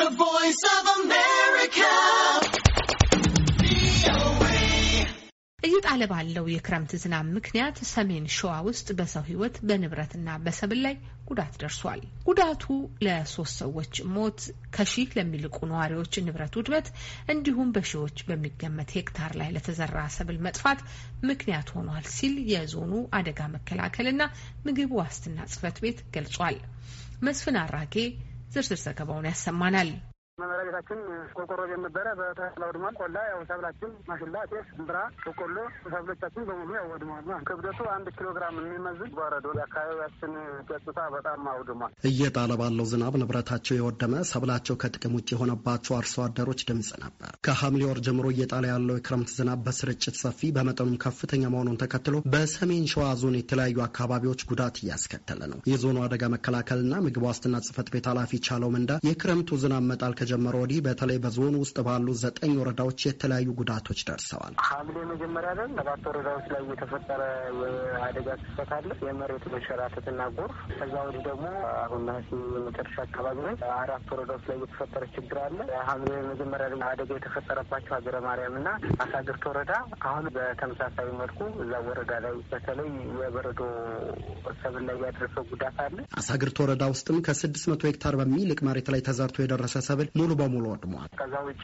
The Voice of America. እየጣለ ባለው የክረምት ዝናብ ምክንያት ሰሜን ሸዋ ውስጥ በሰው ሕይወት በንብረትና በሰብል ላይ ጉዳት ደርሷል። ጉዳቱ ለሶስት ሰዎች ሞት ከሺህ ለሚልቁ ነዋሪዎች ንብረት ውድመት እንዲሁም በሺዎች በሚገመት ሄክታር ላይ ለተዘራ ሰብል መጥፋት ምክንያት ሆኗል ሲል የዞኑ አደጋ መከላከልና ምግብ ዋስትና ጽሕፈት ቤት ገልጿል። መስፍን አራጌ ዝርዝር ዘገባውን ያሰማናል። መኖሪያ ቤታችን ቆርቆሮ ቤት ነበረ። በተላ ወድሟል። ቆላ ያው ሰብላችን ማሽላ፣ ጤፍ፣ ብራ፣ በቆሎ ሰብሎቻችን በሙሉ ያው ወድሟል። ክብደቱ አንድ ኪሎ ግራም የሚመዝን በረዶ አካባቢያችን ገጽታ በጣም አውድሟል። እየጣለ ባለው ዝናብ ንብረታቸው የወደመ ሰብላቸው ከጥቅም ውጭ የሆነባቸው አርሶ አደሮች ድምጽ ነበር። ከሐምሌ ወር ጀምሮ እየጣለ ያለው የክረምት ዝናብ በስርጭት ሰፊ በመጠኑም ከፍተኛ መሆኑን ተከትሎ በሰሜን ሸዋ ዞን የተለያዩ አካባቢዎች ጉዳት እያስከተለ ነው። የዞኑ አደጋ መከላከልና ምግብ ዋስትና ጽህፈት ቤት ኃላፊ ቻለው ምንዳ የክረምቱ ዝናብ መጣል ከተጀመረ ወዲህ በተለይ በዞን ውስጥ ባሉ ዘጠኝ ወረዳዎች የተለያዩ ጉዳቶች ደርሰዋል። ሐምሌ መጀመሪያ ላይ ሰባት ወረዳዎች ላይ የተፈጠረ የአደጋ ክፈት አለ። የመሬት መንሸራተትና ጎርፍ። ከዛ ወዲህ ደግሞ አሁን ነሐሴ የመጨረሻ አካባቢ ላይ አራት ወረዳዎች ላይ የተፈጠረ ችግር አለ። ሐምሌ መጀመሪያ ደን አደጋ የተፈጠረባቸው ሀገረ ማርያምና አሳግርት ወረዳ አሁን በተመሳሳይ መልኩ እዛ ወረዳ ላይ በተለይ የበረዶ ሰብል ላይ ያደረሰው ጉዳት አለ። አሳግርት ወረዳ ውስጥም ከስድስት መቶ ሄክታር በሚልቅ መሬት ላይ ተዘርቶ የደረሰ ሰብል ሙሉ በሙሉ ወድመዋል። ከዛ ውጪ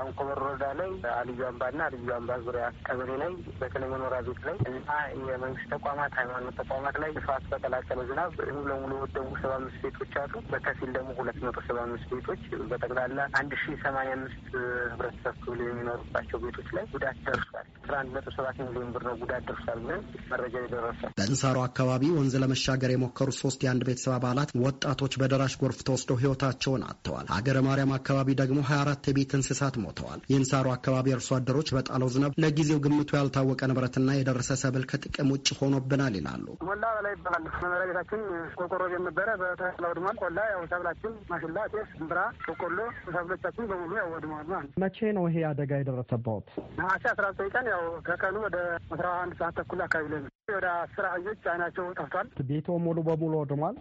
አንኮበር ወረዳ ላይ አልዩ አምባና አልዩ አምባ ዙሪያ ቀበሌ ላይ በተለይ መኖሪያ ቤት ላይ እና የመንግስት ተቋማት፣ ሃይማኖት ተቋማት ላይ ስፋት በቀላቀለ ዝናብ ሙሉ ለሙሉ የወደሙ ሰባ አምስት ቤቶች አሉ። በከፊል ደግሞ ሁለት መቶ ሰባ አምስት ቤቶች በጠቅላላ አንድ ሺ ሰማንያ አምስት ህብረተሰብ ክፍል የሚኖሩባቸው ቤቶች ላይ ጉዳት ደርሷል። አስራ አንድ ሰባት ሚሊዮን ብር ነው ጉዳት ደርሷል ብለን መረጃ የደረሰ በእንሳሮ አካባቢ ወንዝ ለመሻገር የሞከሩ ሶስት የአንድ ቤተሰብ አባላት ወጣቶች በደራሽ ጎርፍ ተወስደው ህይወታቸውን አጥተዋል። ሀገረ ማርያም አካባቢ ደግሞ 24 የቤት እንስሳት ሞተዋል። የእንሳሩ አካባቢ አርሶ አደሮች በጣለው ዝናብ ለጊዜው ግምቱ ያልታወቀ ንብረትና የደረሰ ሰብል ከጥቅም ውጭ ሆኖብናል ይላሉ። ሞላ በላይ ይባላል። መኖሪያ ቤታችን ቆርቆሮ ቤት በተላ ወድሟል። ቆላ ያው ሰብላችን ማሽላ፣ ጤፍ፣ እንብራ፣ በቆሎ ሰብሎቻችን በሙሉ ያው ወድመዋል ማለት ነው። መቼ ነው ይሄ አደጋ የደረሰባት? ነሐሴ አስራ ዘጠኝ ቀን ያው ከቀኑ ወደ አስራ አንድ ሰዓት ተኩል አካባቢ ላይ ነው ወደ አስር አህዮች አይናቸው ጠፍቷል። ቤቶ ሙሉ በሙሉ ወድሟል።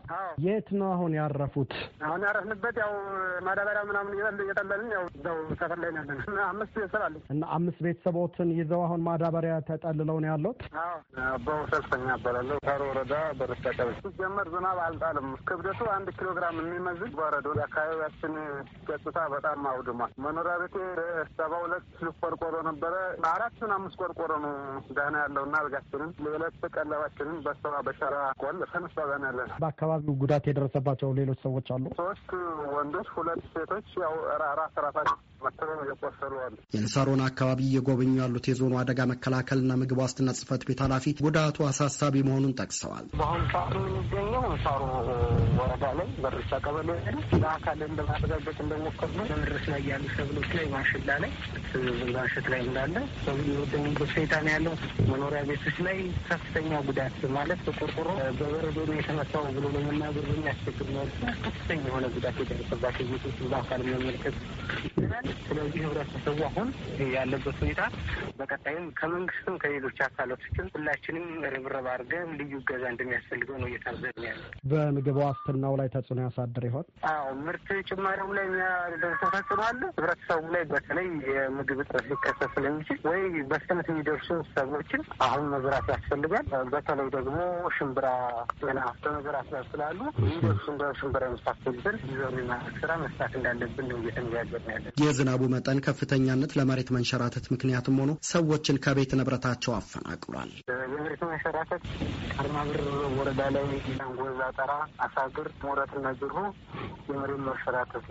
የት ነው አሁን ያረፉት? አሁን ያረፍንበት ያው ማዳበሪያ ምናምን እየጠለልን ያው እዛው ሰፈር ላይ ያለን አምስት ቤተሰብ አለ እና አምስት ቤተሰቦትን ይዘው አሁን ማዳበሪያ ተጠልለው ነው ያለት። አባው ሰልፈኛ እባላለሁ። ታሮ ወረዳ በረታ ቀበሌ ሲጀመር ዝናብ አልጣልም። ክብደቱ አንድ ኪሎ ግራም የሚመዝን በረዶ የአካባቢያችን ገጽታ በጣም አውድሟል። መኖሪያ ቤቴ ሰባ ሁለት ቆርቆሮ ነበረ። አራትን አምስት ቆርቆሮ ነው ደህና ያለው እና አልጋችንን ለሁለት ቀለባችንን በስራ በሸራ ቆልፈን ሰበን ያለን። በአካባቢው ጉዳት የደረሰባቸው ሌሎች ሰዎች አሉ። ሶስት ወንዶች፣ ሁለት ሴቶች ያው ራስ ራሳቸው የንሳሮን አካባቢ እየጎበኙ ያሉት የዞኑ አደጋ መከላከልና ምግብ ዋስትና ጽህፈት ቤት ኃላፊ ጉዳቱ አሳሳቢ መሆኑን ጠቅሰዋል። በአሁኑ ሰዓት የምንገኘው ንሳሮ ወረዳ ላይ በርሳ ቀበሌ ለአካል እንደማረጋገጥ እንደሞከር ነው በምድረስ ላይ ያሉ ሰብሎች ላይ ማሽላ ላይ ባሸት ላይ እንዳለ ሰብል ሁኔታ ነው ያለው። መኖሪያ ቤቶች ላይ ሰፊ ከፍተኛ ጉዳት ማለት በቆርቆሮ በበረዶ ነው የተመታው ብሎ ለመናገር በሚያስቸግር ነው ከፍተኛ የሆነ ጉዳት የደረሰባቸው ቤቶች በአካል መመልከት ይችላል። ስለዚህ ህብረተሰቡ አሁን ያለበት ሁኔታ በቀጣይም ከመንግስትም ከሌሎች አካላቶችም ሁላችንም ርብርብ አድርገን ልዩ እገዛ እንደሚያስፈልገው ነው እየታዘብን ያለ። በምግብ ዋስትናው ላይ ተጽዕኖ ያሳድር ይሆን? አዎ ምርት ጭማሪው ላይ የሚያደርሰው ተጽዕኖ አለ። ህብረተሰቡ ላይ በተለይ የምግብ እጥረት ሊከሰት ስለሚችል ወይ በፍጥነት የሚደርሱ ሰብሎችን አሁን መዝራት ያስፈልጋል። ይገኛል። በተለይ ደግሞ ሽምብራ ገና በመገር አስባብ ስላሉ ይደርሱን በሽምብራ የመሳሰሉትን ይዘሩና ስራ መስራት እንዳለብን ነው እየተነጋገርን ያለን። የዝናቡ መጠን ከፍተኛነት ለመሬት መንሸራተት ምክንያትም ሆኖ ሰዎችን ከቤት ንብረታቸው አፈናቅሏል። የመሬት መንሸራተት አርማብር ወረዳ ላይ ጎዛ ጠራ፣ አሳግር፣ ሞረትና ጅሩ የመሬት መንሸራተት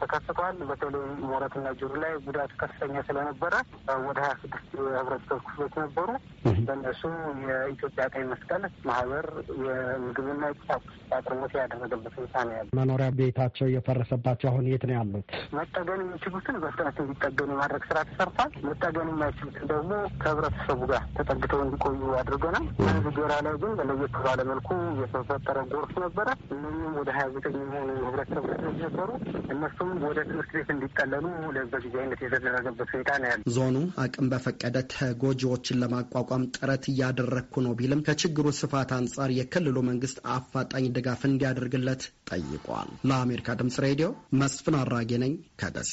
ተከስቷል። በተለይ ሞረትና ጅሩ ላይ ጉዳት ከፍተኛ ስለነበረ ወደ ሀያ ስድስት የህብረተሰብ ክፍሎች ነበሩ በእነሱ የኢትዮጵያ ቀይ መስቀል ማህበር የምግብና የቁሳቁስ አቅርቦት ያደረገበት ሁኔታ ነው ያለ። መኖሪያ ቤታቸው እየፈረሰባቸው አሁን የት ነው ያሉት? መጠገን የሚችሉትን በፍጥነት እንዲጠገኑ የማድረግ ስራ ተሰርቷል። መጠገን የማይችሉትን ደግሞ ከህብረተሰቡ ጋር ተጠግተው እንዲቆዩ አድርገናል። አንድ ጎራ ላይ ግን ለየት ባለ መልኩ የተፈጠረ ጎርፍ ነበረ። እነኝም ወደ ሀያ ዘጠኝ የሚሆኑ ህብረተሰብ ክፍሎች ነበሩ። እነሱም ወደ ትምህርት ቤት እንዲጠለሉ አይነት የተደረገበት ሁኔታ ነው ያለ። ዞኑ አቅም በፈቀደ ተጎጂዎችን ለማቋቋም ጥረት እያደረ እያደረግኩ ነው ቢልም ከችግሩ ስፋት አንጻር የክልሉ መንግስት አፋጣኝ ድጋፍ እንዲያደርግለት ጠይቋል። ለአሜሪካ ድምጽ ሬዲዮ መስፍን አራጌ ነኝ ከደሴ